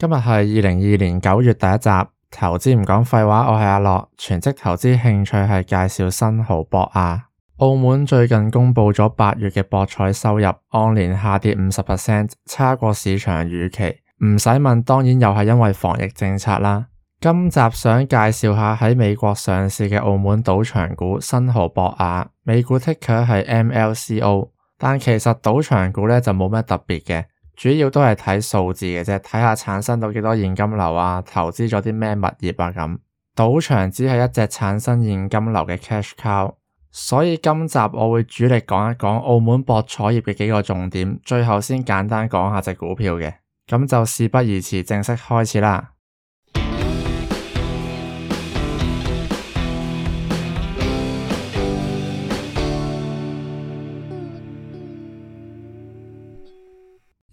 今日係二零二二年九月第一集，投資唔講廢話，我係阿樂，全職投資興趣係介紹新豪博亞。澳門最近公布咗八月嘅博彩收入，按年下跌五十 percent，差過市場預期。唔使問，當然又係因為防疫政策啦。今集想介紹下喺美國上市嘅澳門賭場股新豪博亞，美股 ticker 係 MLCO，但其實賭場股呢就冇乜特別嘅。主要都係睇數字嘅啫，睇下產生到幾多現金流啊，投資咗啲咩物業啊咁。賭場只係一隻產生現金流嘅 cash cow，所以今集我會主力講一講澳門博彩業嘅幾個重點，最後先簡單講下隻股票嘅。咁就事不宜遲，正式開始啦。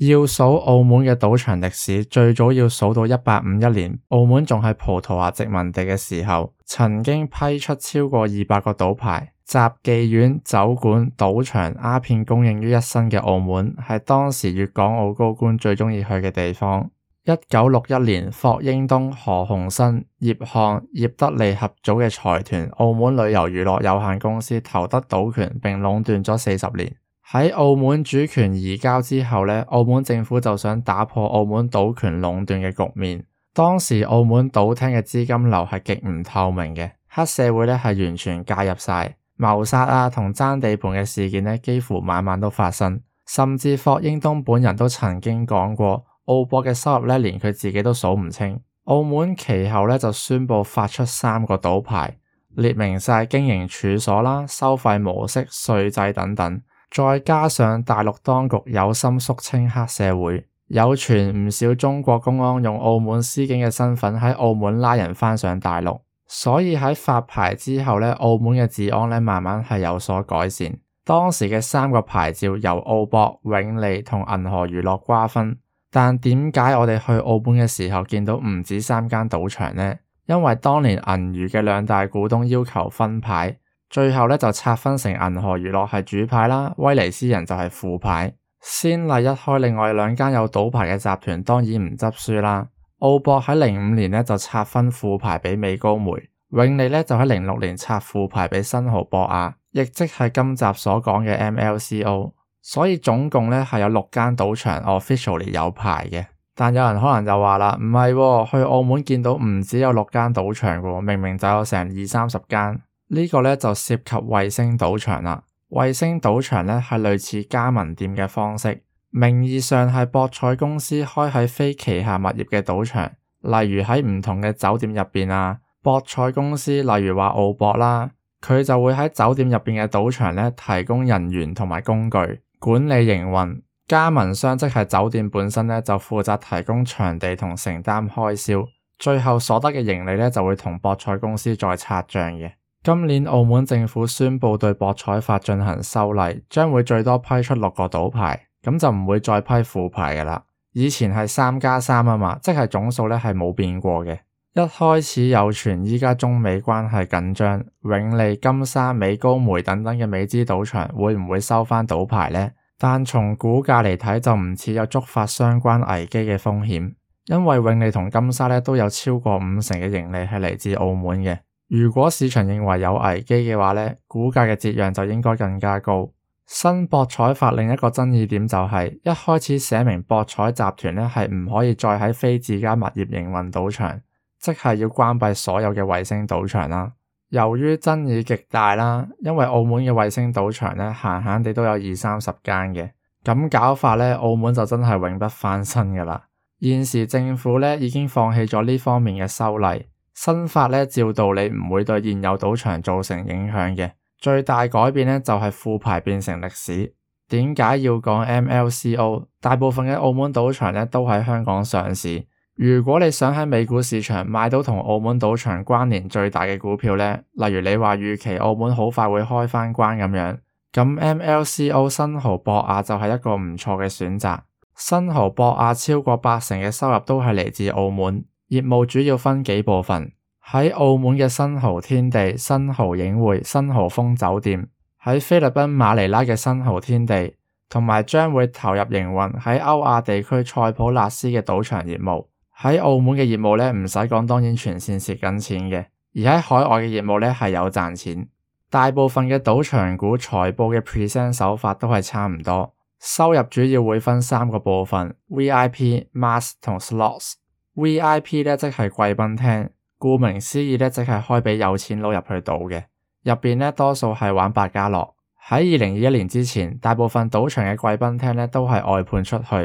要數澳門嘅賭場歷史，最早要數到一八五一年，澳門仲係葡萄牙殖民地嘅時候，曾經批出超過二百個賭牌，集妓院、酒館、賭場、鴉片供應於一身嘅澳門，係當時粵港澳高官最鍾意去嘅地方。一九六一年，霍英東、何鴻燊、葉漢、葉德利合組嘅財團，澳門旅遊娛樂有限公司投得賭權，並壟斷咗四十年。喺澳門主權移交之後呢，澳門政府就想打破澳門賭權壟斷嘅局面。當時澳門賭廳嘅資金流係極唔透明嘅，黑社會呢係完全介入晒，謀殺啊，同爭地盤嘅事件呢幾乎晚晚都發生。甚至霍英東本人都曾經講過，澳博嘅收入呢連佢自己都數唔清。澳門其後呢就宣布發出三個賭牌，列明晒經營處所啦、收費模式、稅制等等。再加上大陸當局有心肅清黑社會，有傳唔少中國公安用澳門司警嘅身份喺澳門拉人翻上大陸，所以喺發牌之後咧，澳門嘅治安咧慢慢係有所改善。當時嘅三個牌照由澳博、永利同銀河娛樂瓜分，但點解我哋去澳門嘅時候見到唔止三間賭場呢？因為當年銀娛嘅兩大股東要求分牌。最後咧就拆分成銀河娛樂係主牌啦，威尼斯人就係副牌。先例一開，另外兩間有賭牌嘅集團當然唔執輸啦。澳博喺零五年咧就拆分副牌俾美高梅，永利咧就喺零六年拆副牌俾新濠博亞，亦即係今集所講嘅 MLCO。所以總共咧係有六間賭場 officially 有牌嘅，但有人可能就話啦，唔係喎，去澳門見到唔只有六間賭場嘅，明明就有成二三十間。呢個呢就涉及衛星賭場啦。衛星賭場呢係類似加盟店嘅方式，名義上係博彩公司開喺非旗下物業嘅賭場，例如喺唔同嘅酒店入邊啊。博彩公司例如話澳博啦，佢就會喺酒店入邊嘅賭場呢提供人員同埋工具管理營運，加盟商即係酒店本身呢就負責提供場地同承擔開銷，最後所得嘅盈利呢就會同博彩公司再拆賬嘅。今年澳門政府宣佈對博彩法進行修例，將會最多批出六個賭牌，咁就唔會再批副牌噶啦。以前係三加三啊嘛，即係總數咧係冇變過嘅。一開始有傳，依家中美關係緊張，永利、金沙、美高梅等等嘅美資賭場會唔會收翻賭牌呢？但從股價嚟睇就唔似有觸發相關危機嘅風險，因為永利同金沙咧都有超過五成嘅盈利係嚟自澳門嘅。如果市場認為有危機嘅話呢，股價嘅折讓就應該更加高。新博彩法另一個爭議點就係、是、一開始寫明博彩集團呢係唔可以再喺非自家物業營運賭場，即係要關閉所有嘅衛星賭場啦。由於爭議極大啦，因為澳門嘅衛星賭場呢閒閒地都有二三十間嘅，咁搞法呢，澳門就真係永不翻身噶啦。現時政府呢已經放棄咗呢方面嘅修例。新法呢，照道理唔會對現有賭場造成影響嘅。最大改變呢，就係、是、副牌變成歷史。點解要講 MLCO？大部分嘅澳門賭場呢，都喺香港上市。如果你想喺美股市場買到同澳門賭場關聯最大嘅股票呢，例如你話預期澳門好快會開返關咁樣，咁 MLCO 新豪博亞就係一個唔錯嘅選擇。新豪博亞超過八成嘅收入都係嚟自澳門。業務主要分幾部分，喺澳門嘅新濠天地、新濠影匯、新濠鋒酒店，喺菲律賓馬尼拉嘅新濠天地，同埋將會投入營運喺歐亞地區塞浦路斯嘅賭場業務。喺澳門嘅業務呢，唔使講，當然全線蝕緊錢嘅，而喺海外嘅業務呢，係有賺錢。大部分嘅賭場股財報嘅 present 手法都係差唔多，收入主要會分三個部分：VIP、Mass 同 slots。V.I.P 呢即係貴賓廳，顧名思義呢即係開畀有錢佬入去賭嘅。入邊呢多數係玩百家樂。喺二零二一年之前，大部分賭場嘅貴賓廳呢都係外判出去，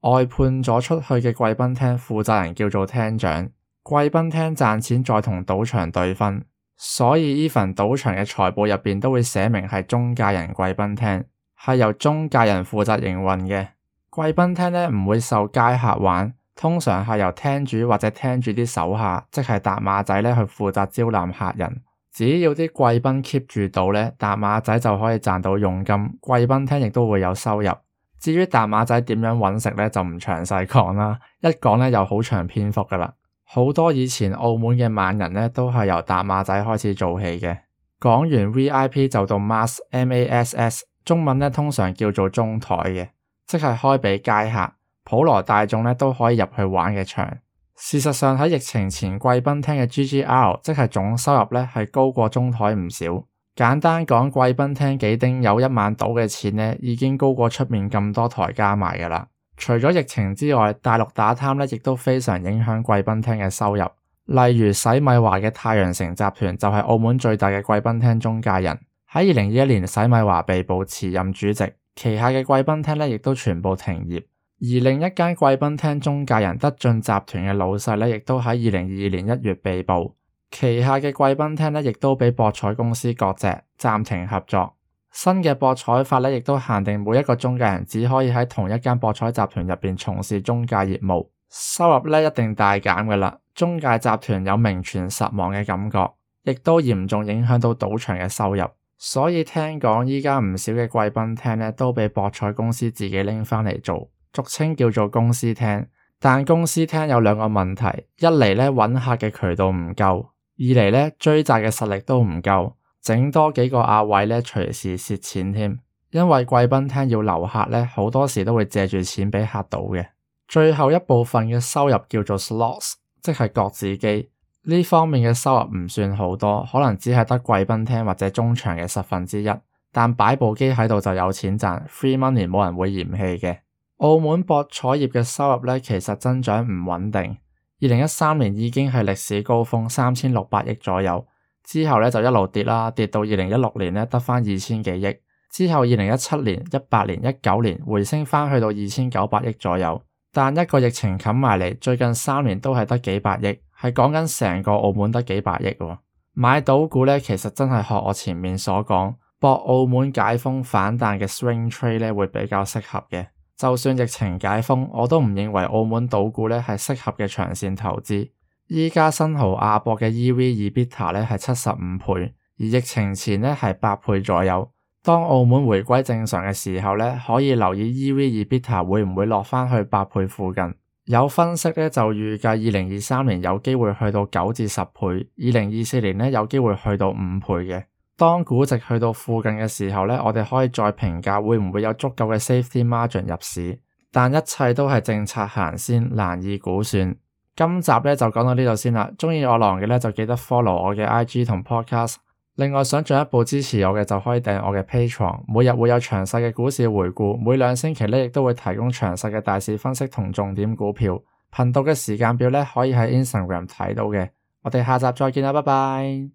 外判咗出去嘅貴賓廳負責人叫做廳長。貴賓廳賺錢再同賭場對分，所以呢份賭場嘅財報入邊都會寫明係中介人貴賓廳，係由中介人負責營運嘅。貴賓廳呢唔會受街客玩。通常係由廳主或者廳主啲手下，即係疊馬仔咧去負責招攬客人。只要啲貴賓 keep 住到咧，疊馬仔就可以賺到佣金。貴賓廳亦都會有收入。至於疊馬仔點樣揾食咧，就唔詳細講啦，一講咧就好長篇幅噶啦。好多以前澳門嘅猛人咧，都係由疊馬仔開始做起嘅。講完 V I P 就到 Mass M A S S，中文咧通常叫做中台嘅，即係開畀街客。普羅大眾都可以入去玩嘅場。事實上喺疫情前，貴賓廳嘅 GGR 即係總收入咧係高過中台唔少。簡單講，貴賓廳幾丁有一晚賭嘅錢咧，已經高過出面咁多台加埋㗎啦。除咗疫情之外，大陸打貪咧亦都非常影響貴賓廳嘅收入。例如，洗米華嘅太陽城集團就係、是、澳門最大嘅貴賓廳中介人。喺二零二一年，洗米華被捕辭任主席，旗下嘅貴賓廳咧亦都全部停業。而另一間貴賓廳中介人德晉集團嘅老細呢，亦都喺二零二二年一月被捕，旗下嘅貴賓廳呢，亦都畀博彩公司割席，暫停合作。新嘅博彩法呢，亦都限定每一個中介人只可以喺同一間博彩集團入邊從事中介業務，收入呢，一定大減噶啦。中介集團有名存實亡嘅感覺，亦都嚴重影響到賭場嘅收入，所以聽講依家唔少嘅貴賓廳呢，都畀博彩公司自己拎翻嚟做。俗稱叫做公司廳，但公司廳有兩個問題：一嚟咧揾客嘅渠道唔夠，二嚟咧追債嘅實力都唔夠，整多幾個阿位咧隨時蝕錢添。因為貴賓廳要留客咧，好多時都會借住錢畀客到嘅。最後一部分嘅收入叫做 slots，即係角子機。呢方面嘅收入唔算好多，可能只係得貴賓廳或者中場嘅十分之一，但擺部機喺度就有錢賺，free money 冇人會嫌棄嘅。澳門博彩業嘅收入咧，其實增長唔穩定。二零一三年已經係歷史高峰，三千六百億左右，之後咧就一路跌啦，跌到二零一六年咧得翻二千幾億。之後二零一七年、一八年、一九年回升翻去到二千九百億左右，但一個疫情冚埋嚟，最近三年都係得幾百億，係講緊成個澳門得幾百億。買賭股咧，其實真係學我前面所講，博澳門解封反彈嘅 Swing Trade 咧，會比較適合嘅。就算疫情解封，我都唔認為澳門賭股咧係適合嘅長線投資。而家新豪濠亞博嘅 EV/EBITDA 咧係七十五倍，而疫情前咧係八倍左右。當澳門回歸正常嘅時候咧，可以留意 EV/EBITDA 會唔會落返去八倍附近。有分析咧就預計二零二三年有機會去到九至十倍，二零二四年咧有機會去到五倍嘅。當估值去到附近嘅時候呢，我哋可以再評價會唔會有足夠嘅 safety margin 入市，但一切都係政策行先，難以估算。今集呢就講到呢度先啦。鍾意我狼嘅呢，就記得 follow 我嘅 IG 同 podcast。另外想進一步支持我嘅就可以訂我嘅 Patreon，每日會有詳細嘅股市回顧，每兩星期呢亦都會提供詳細嘅大市分析同重點股票。頻道嘅時間表呢，可以喺 Instagram 睇到嘅。我哋下集再見啦，拜拜。